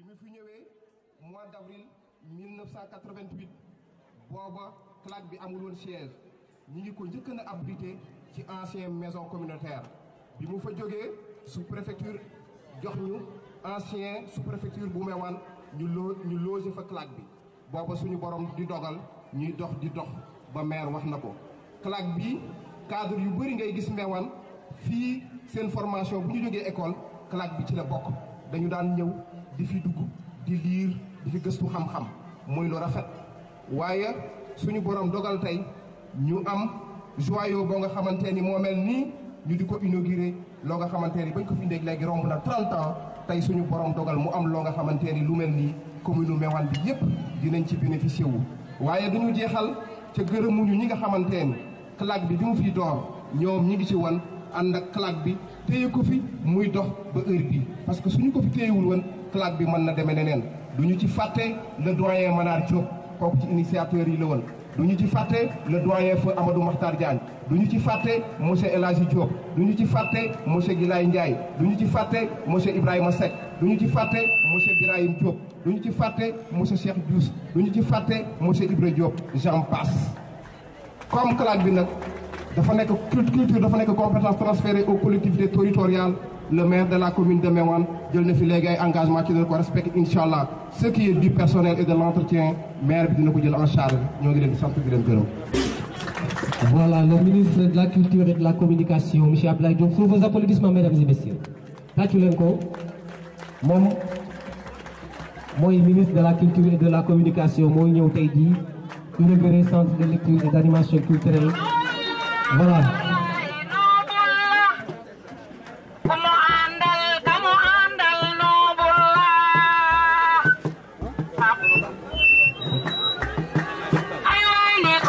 bi mu fi mois d'avril 1988 boba CLAC bi amul won siège ñi ngi ko njëkk na abrité ci ancien maison communautaire bi mu fa joggé sous préfecture jox ñu ancien sous préfecture bu Mewane ñu ñu loger fa CLAC bi boba suñu borom di dogal ñuy dox di dox ba maire wax nako ko CLAC bi cadre yu bari ngay gis Mewane fi seen formation bu ñu joggé école CLAC bi ci la bokk dañu daan ñëw di fi dugg di lire di fi gëstu xam-xam moy lu rafet waye suñu borom dogal tay ñu am joyau bo nga xamanteni mo mel ni ñu diko inaugurer lo nga xamanteni bañ ko fi ndek legi romb na 30 ans tay suñu borom dogal mu am lo nga xamanteni lu mel ni commune mewan bi yépp dinañ ci bénéficier wu waaye duñu jeexal ca ñu ñi nga xamanteni ni bi bi mu fi door ñom ñi ngi ci wan and ak claque bi teyeku fi muy dox ba heure bi parce que suñu ko fi teyewul won plaque bi mën na demee neneen duñu ci fàtte le doyen Manar Diop kooku ci initiateur yi la woon duñu ci fàtte le doyen feu Amadou Makhtar Diagne duñu ci fàtte monsieur El Diop duñu ci fàtte monsieur Gilaye Ndiaye duñu ci fàtte monsieur Ibrahima Seck duñu ci fàtte monsieur Birahim Diop duñu ci fàtte monsieur Cheikh Diouf duñu ci fàtte monsieur Ibra Diop j'en passe comme CLAC bi nag dafa nekk culture dafa nekk compétence transférée aux collectivités territoriales le maire de la commune de Mewan je ne fais les engagements engagement ci ne ko ce qui est du personnel et de l'entretien, le maire de dina ko jël en charge Nous ngi leen voilà le ministre de la culture et de la communication monsieur Abdoulaye Diop sous vos applaudissements mesdames et messieurs. tàccu mon, mon ministre de la culture et de la communication mon ñëw une jii inaugurer centre de lecture et d'animation culturelle voilà.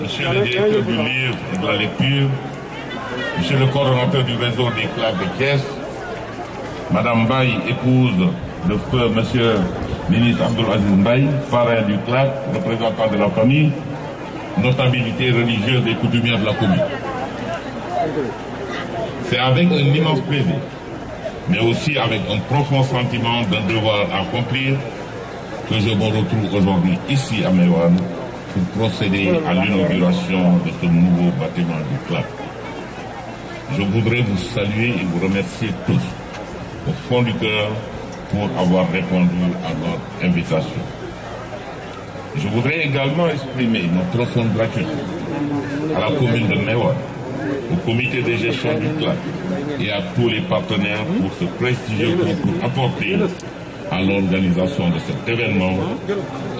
monsieur le directeur du livre et de la lecture, monsieur le coordonnateur du réseau des clubs de caisse, madame Baye, épouse de feu, monsieur ministre Abdul Aziz Mbaye, parrain du club, représentant de la famille, notabilité religieuse et coutumière de la commune. C'est avec un immense plaisir, mais aussi avec un profond sentiment d'un devoir à accomplir, que je me retrouve aujourd'hui ici à Mewan pour procéder à l'inauguration de ce nouveau bâtiment du club. Je voudrais vous saluer et vous remercier tous au fond du cœur pour avoir répondu à notre invitation. Je voudrais également exprimer notre profonde gratitude à la commune de Mewa, au comité de gestion du club et à tous les partenaires pour ce prestigieux concours apporté à l'organisation de cet événement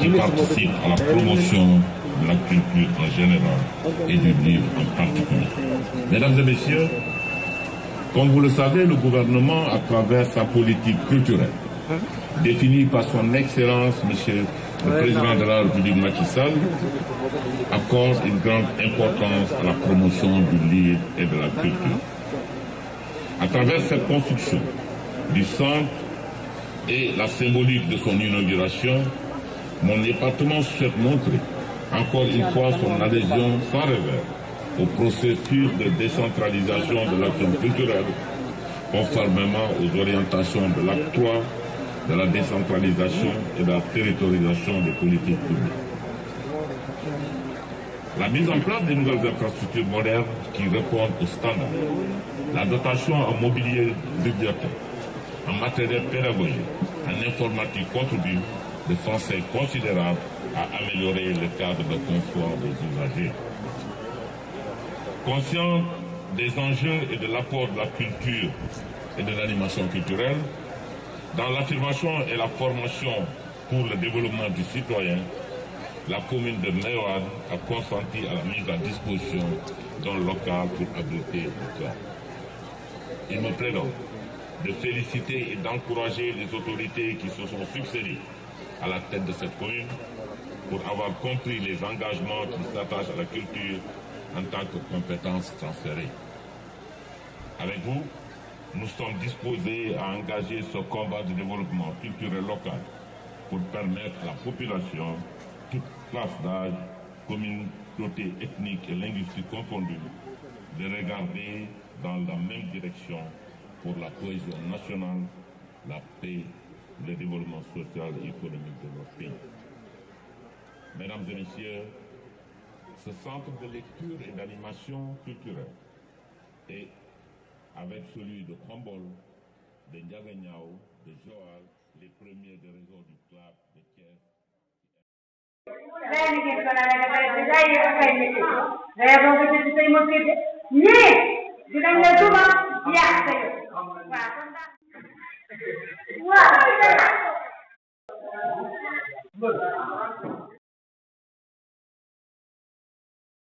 qui participe à la promotion de la culture en général et du livre en particulier. Mesdames et messieurs, comme vous le savez, le gouvernement, à travers sa politique culturelle, définie par son excellence, Monsieur le Président de la République Macky Sall, accorde une grande importance à la promotion du livre et de la culture. À travers cette construction du centre et la symbolique de son inauguration, mon département souhaite montrer encore une fois son adhésion sans revers au processus de décentralisation de l'action culturelle, conformément aux orientations de l'actoire de la décentralisation et de la territorialisation des politiques publiques. La mise en place de nouvelles infrastructures modernes qui répondent aux standards, la dotation en mobilier bibliothèque, matériel pédagogique, en informatique contribue de façon considérable à améliorer le cadre de confort des usagers. Conscient des enjeux et de l'apport de la culture et de l'animation culturelle, dans l'affirmation et la formation pour le développement du citoyen, la commune de Meoan a consenti à la mise à disposition d'un local pour abriter le plan. Il me plaît donc de féliciter et d'encourager les autorités qui se sont succédées à la tête de cette commune pour avoir compris les engagements qui s'attachent à la culture en tant que compétence transférée. Avec vous, nous sommes disposés à engager ce combat de développement culturel local pour permettre à la population, toute classe d'âge, communauté ethnique et linguistique confondue, de regarder dans la même direction pour la cohésion nationale, la paix, le développement social et économique de notre pays. Mesdames et messieurs, ce centre de lecture et d'animation culturelle est, avec celui de Kambol, de Ndiaganyao, de Joal, les premiers des réseaux du club de Kiev.